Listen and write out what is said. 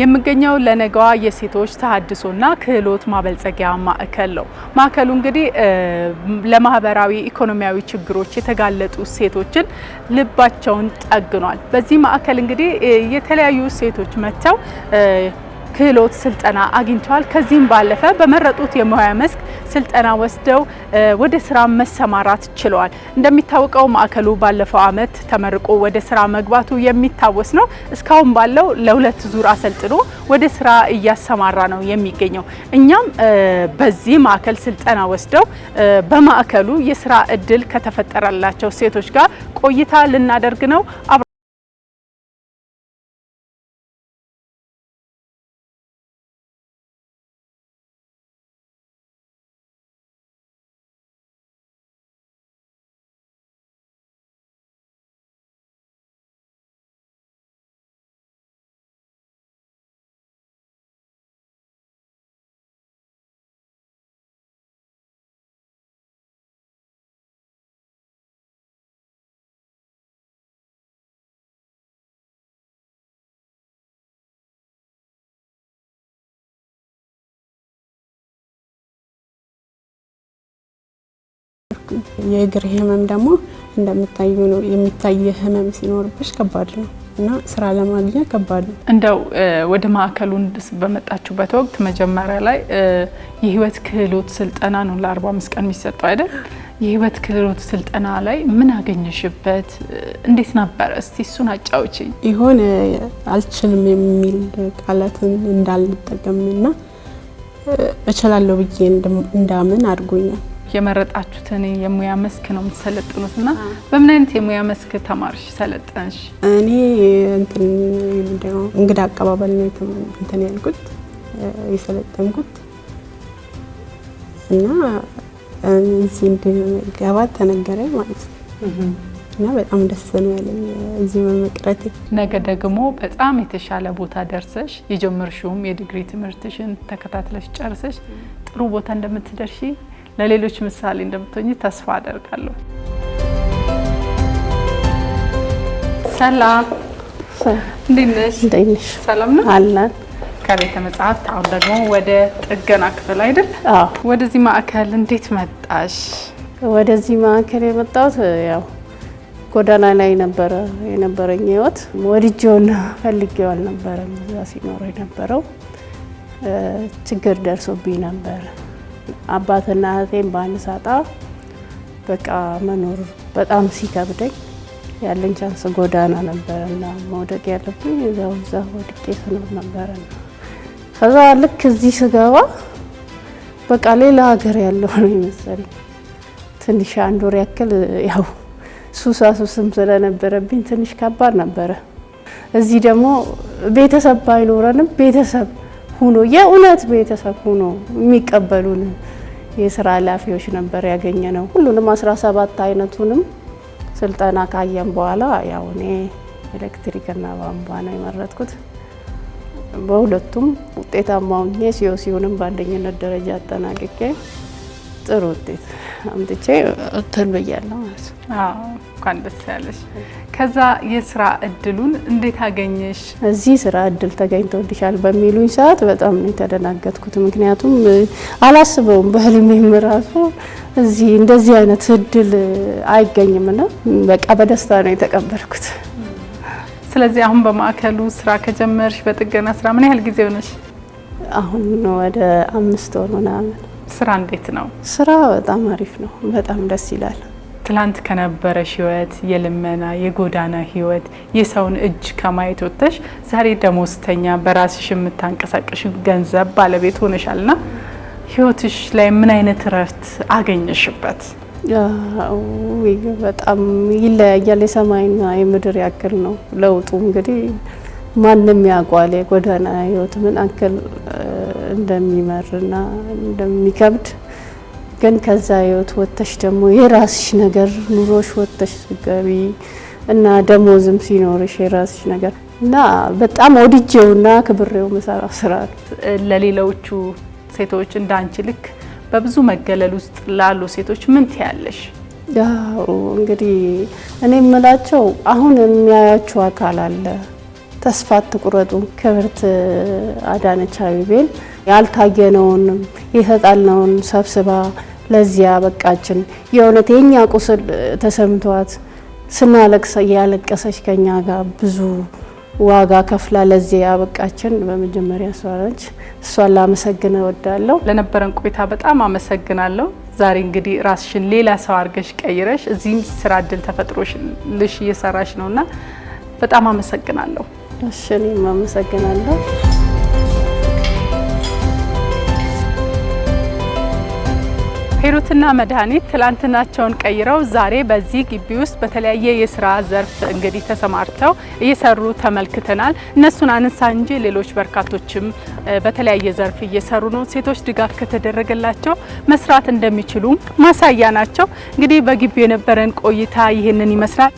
የምገኘው ለነገዋ የሴቶች ተሃድሶና ክህሎት ማበልጸጊያ ማዕከል ነው። ማዕከሉ እንግዲህ ለማህበራዊ ኢኮኖሚያዊ ችግሮች የተጋለጡ ሴቶችን ልባቸውን ጠግኗል። በዚህ ማዕከል እንግዲህ የተለያዩ ሴቶች መጥተው ክህሎት ስልጠና አግኝተዋል። ከዚህም ባለፈ በመረጡት የሙያ መስክ ስልጠና ወስደው ወደ ስራ መሰማራት ችለዋል። እንደሚታወቀው ማዕከሉ ባለፈው አመት ተመርቆ ወደ ስራ መግባቱ የሚታወስ ነው። እስካሁን ባለው ለሁለት ዙር አሰልጥኖ ወደ ስራ እያሰማራ ነው የሚገኘው። እኛም በዚህ ማዕከል ስልጠና ወስደው በማዕከሉ የስራ እድል ከተፈጠረላቸው ሴቶች ጋር ቆይታ ልናደርግ ነው። የእግር ህመም ደግሞ እንደምታዩ ነው። የሚታይ ህመም ሲኖርብሽ ከባድ ነው እና ስራ ለማግኘት ከባድ ነው። እንደው ወደ ማዕከሉ በመጣችሁበት ወቅት መጀመሪያ ላይ የህይወት ክህሎት ስልጠና ነው ለ ቀን የሚሰጠው አይደል? የህይወት ክህሎት ስልጠና ላይ ምን አገኘሽበት? እንዴት ነበረ? እስቲ እሱን አጫዎች። ይሆን አልችልም የሚል ቃላትን እንዳልጠቀምና እችላለሁ ብዬ እንዳምን አድርጎኛል። የመረጣችሁትን የሙያ መስክ ነው የምትሰለጥኑት እና በምን አይነት የሙያ መስክ ተማርሽ ሰለጠንሽ? እኔ እንትን ምንድነው እንግዳ አቀባበል ነው እንትን ያልኩት የሰለጠንኩት እና እዚህ እንድገባ ተነገረኝ ማለት ነው። እና በጣም ደስ ነው ያለኝ እዚህ በመቅረቴ። ነገ ደግሞ በጣም የተሻለ ቦታ ደርሰሽ የጀመርሽውም የዲግሪ ትምህርትሽን ተከታትለሽ ጨርሰሽ ጥሩ ቦታ እንደምትደርሺ ለሌሎች ምሳሌ እንደምትሆኝ ተስፋ አደርጋለሁ። ሰላም፣ እንዴት ነሽ? ሰላም ነው አለን። ከቤተ መጽሐፍት አሁን ደግሞ ወደ ጥገና ክፍል አይደል? ወደዚህ ማዕከል እንዴት መጣሽ? ወደዚህ ማዕከል የመጣሁት ያው ጎዳና ላይ ነበረ የነበረኝ ህይወት። ወድጄውና ፈልጌው አልነበረም እዛ ሲኖረው የነበረው ችግር ደርሶብኝ ነበር። አባትና እህቴን ባንሳጣ በቃ መኖር በጣም ሲከብደኝ ያለኝ ቻንስ ጎዳና ነበረና መውደቅ ያለብኝ እዛው እዛ ወድቄ ስኖር ነበረና ከዛ ልክ እዚህ ስገባ በቃ ሌላ ሀገር ያለው ነው ይመስለኝ። ትንሽ አንድ ወር ያክል ያው ሱሳ ሱስም ስለነበረብኝ ትንሽ ከባድ ነበረ። እዚህ ደግሞ ቤተሰብ ባይኖረንም ቤተሰብ ሁኖ የእውነት ቤተሰብ ሁኖ የሚቀበሉን የስራ ኃላፊዎች ነበር ያገኘ ነው። ሁሉንም አስራ ሰባት አይነቱንም ስልጠና ካየን በኋላ ያው እኔ ኤሌክትሪክና ቧንቧ ነው የመረጥኩት። በሁለቱም ውጤታማ ሆኜ ሲሆንም በአንደኝነት ደረጃ አጠናቅቄ ጥሩ ውጤት አምጥቼ እንትን ብያለሁ ማለት ነው። እንኳን ደስ ያለሽ። ከዛ የስራ እድሉን እንዴት አገኘሽ? እዚህ ስራ እድል ተገኝቶልሻል በሚሉኝ ሰዓት በጣም ነው የተደናገጥኩት። ምክንያቱም አላስበውም፣ በህልሜም ራሱ እዚህ እንደዚህ አይነት እድል አይገኝምና በቃ በደስታ ነው የተቀበልኩት። ስለዚህ አሁን በማዕከሉ ስራ ከጀመርሽ በጥገና ስራ ምን ያህል ጊዜ ሆነሽ? አሁን ወደ አምስት ወር ምናምን ስራ እንዴት ነው? ስራ በጣም አሪፍ ነው። በጣም ደስ ይላል። ትላንት ከነበረሽ ህይወት የልመና የጎዳና ህይወት የሰውን እጅ ከማየት ወጥተሽ ዛሬ ደሞዝተኛ በራስሽ የምታንቀሳቀሽ ገንዘብ ባለቤት ሆነሻልና ህይወትሽ ላይ ምን አይነት እረፍት አገኘሽበት? በጣም ይለያያል። የሰማይና የምድር ያክል ነው ለውጡ። እንግዲህ ማንም ያውቋል የጎዳና ህይወት ምን ያክል እንደሚመርና እንደሚከብድ ግን ከዛ ህይወት ወጥተሽ ደግሞ የራስሽ ነገር ኑሮሽ ወጥተሽ ስገቢ እና ደሞዝም ሲኖርሽ የራስሽ ነገር እና በጣም ወድጄውና ክብሬው መሰራ ስራ ለሌሎቹ ሴቶች እንዳንቺ ልክ በብዙ መገለል ውስጥ ላሉ ሴቶች ምን ትያለሽ? ያው እንግዲህ እኔ የምላቸው አሁን የሚያያችሁ አካል አለ። ተስፋ አትቁረጡ። ክብርት አዳነች አቤቤን ያልታየነውን የጣልነውን ሰብስባ ለዚያ በቃችን። የእውነት የኛ ቁስል ተሰምቷት ስናለቅሰ እያለቀሰች ከኛ ጋር ብዙ ዋጋ ከፍላ ለዚህ ያበቃችን በመጀመሪያ እሷ ነች። እሷን ላመሰግን እወዳለሁ። ለነበረን ቆይታ በጣም አመሰግናለሁ። ዛሬ እንግዲህ ራስሽን ሌላ ሰው አድርገሽ ቀይረሽ እዚህም ስራ እድል ተፈጥሮልሽ እየሰራሽ ነው እና በጣም አመሰግናለሁ። እሺ እኔም አመሰግናለሁ። ሂሩትና መድኃኒት ትላንትናቸውን ቀይረው ዛሬ በዚህ ግቢ ውስጥ በተለያየ የስራ ዘርፍ እንግዲህ ተሰማርተው እየሰሩ ተመልክተናል። እነሱን አነሳ እንጂ ሌሎች በርካቶችም በተለያየ ዘርፍ እየሰሩ ነው። ሴቶች ድጋፍ ከተደረገላቸው መስራት እንደሚችሉ ማሳያ ናቸው። እንግዲህ በግቢው የነበረን ቆይታ ይህንን ይመስላል።